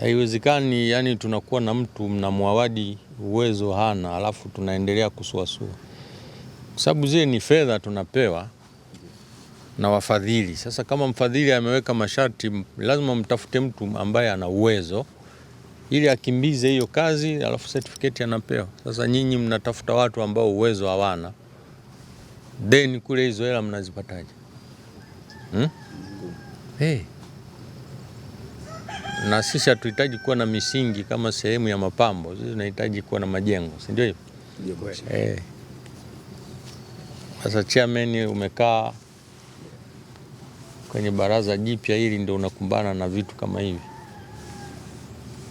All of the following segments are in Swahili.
Haiwezekani, yani tunakuwa na mtu mnamwawadi uwezo hana, alafu tunaendelea kusuasua, kwa sababu zile ni fedha tunapewa na wafadhili. Sasa kama mfadhili ameweka masharti, lazima mtafute mtu ambaye ana uwezo ili akimbize hiyo kazi, alafu certificate anapewa. Sasa nyinyi mnatafuta watu ambao uwezo hawana, then kule hizo hela mnazipataje? hmm? hey. Eh na sisi hatuhitaji kuwa na misingi kama sehemu ya mapambo. Sisi tunahitaji kuwa na majengo, si ndio hivyo? Sasa e, chairman, umekaa kwenye baraza jipya hili, ndio unakumbana na vitu kama hivi.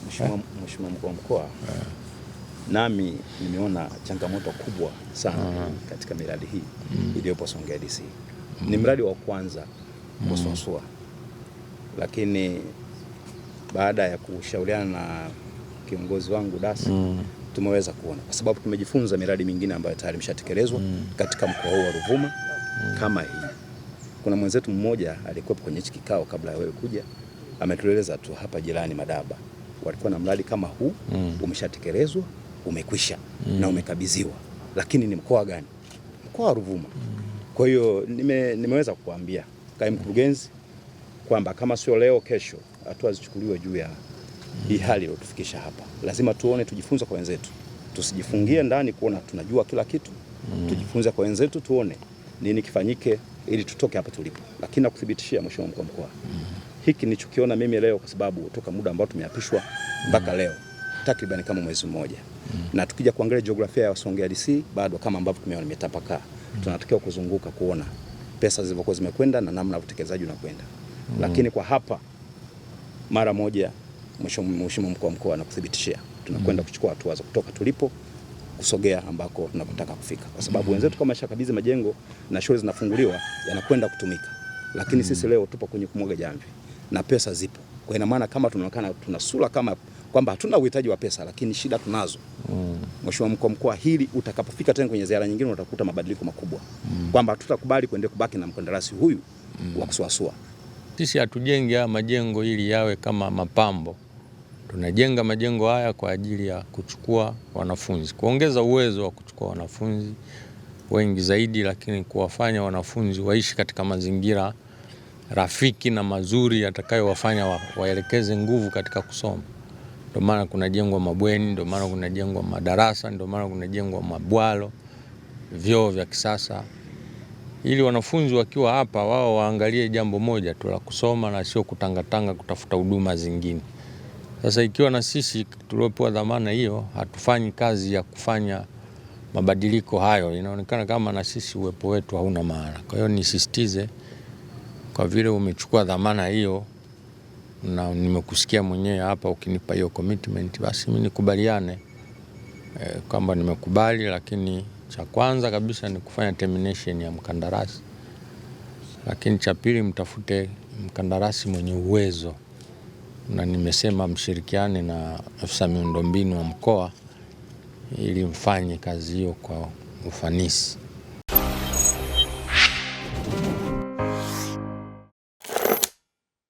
Mheshimiwa eh. mkuu wa mkoa, eh. nami nimeona changamoto kubwa sana Aha. katika miradi hii mm. iliyopo Songea DC mm. ni mradi wa kwanza kusuasua mm. lakini baada ya kushauriana na kiongozi wangu Dasa mm. tumeweza kuona kwa sababu tumejifunza miradi mingine ambayo tayari imeshatekelezwa mm. katika mkoa huu wa Ruvuma mm. kama hii. Kuna mwenzetu mmoja alikuwa kwenye hichi kikao kabla ya wewe kuja, ametueleza tu hapa jirani Madaba walikuwa na mradi kama huu mm. umeshatekelezwa umekwisha mm. na umekabidhiwa, lakini ni mkoa gani? Mkoa wa Ruvuma mm. kwa hiyo nime, nimeweza kukuambia kai mkurugenzi kwamba kama sio leo, kesho hatua zichukuliwe juu ya hii hali iliyotufikisha hapa. Lazima tuone, tujifunze kwa wenzetu, tusijifungie ndani kuona tunajua kila kitu. Mm. Tujifunze kwa wenzetu, tuone nini kifanyike ili tutoke hapa tulipo. Lakini nakuthibitishia Mheshimiwa Mkuu wa Mkoa, mm. hiki nilichokiona mimi leo, kwa sababu toka muda ambao tumeapishwa mpaka mm. leo takriban kama mwezi mmoja, na tukija kuangalia jiografia ya Songea DC bado kama ambavyo tumeona imetapakaa, tunatakiwa kuzunguka kuona pesa zilivyokuwa zimekwenda na namna utekelezaji unakwenda mm. Lakini kwa hapa mara moja Mheshimiwa Mkuu wa Mkoa anakuthibitishia tunakwenda mm. kuchukua hatua za kutoka tulipo kusogea ambako tunataka kufika, kwa sababu mm. wenzetu kama shakabizi majengo na shule zinafunguliwa yanakwenda kutumika, lakini mm. sisi leo tupo kwenye kumwaga jamvi na pesa zipo, kwa ina maana kama tunaonekana tuna sura kama kwamba hatuna uhitaji wa pesa, lakini shida tunazo. Mheshimiwa mm. mkuu wa mkoa, hili utakapofika tena kwenye ziara nyingine utakuta mabadiliko makubwa mm. kwamba hatutakubali kuendelea kubaki na mkandarasi huyu mm. wa kusuasua. Sisi hatujengi haya majengo ili yawe kama mapambo. Tunajenga majengo haya kwa ajili ya kuchukua wanafunzi, kuongeza uwezo wa kuchukua wanafunzi wengi zaidi, lakini kuwafanya wanafunzi waishi katika mazingira rafiki na mazuri yatakayowafanya wa, waelekeze nguvu katika kusoma. Ndio maana kunajengwa mabweni, ndio maana kunajengwa madarasa, ndio maana kunajengwa mabwalo, vyoo vya kisasa ili wanafunzi wakiwa hapa wao waangalie jambo moja tu la kusoma na sio kutangatanga kutafuta huduma zingine. Sasa ikiwa na sisi tuliopewa dhamana hiyo hatufanyi kazi ya kufanya mabadiliko hayo, inaonekana kama na sisi uwepo wetu hauna maana. Kwa hiyo nisisitize, kwa vile umechukua dhamana hiyo na nimekusikia mwenyewe hapa ukinipa hiyo commitment, basi mimi nikubaliane e, kwamba nimekubali, lakini cha kwanza kabisa ni kufanya termination ya mkandarasi, lakini cha pili mtafute mkandarasi mwenye uwezo, na nimesema mshirikiane na afisa miundombinu wa mkoa ili mfanye kazi hiyo kwa ufanisi.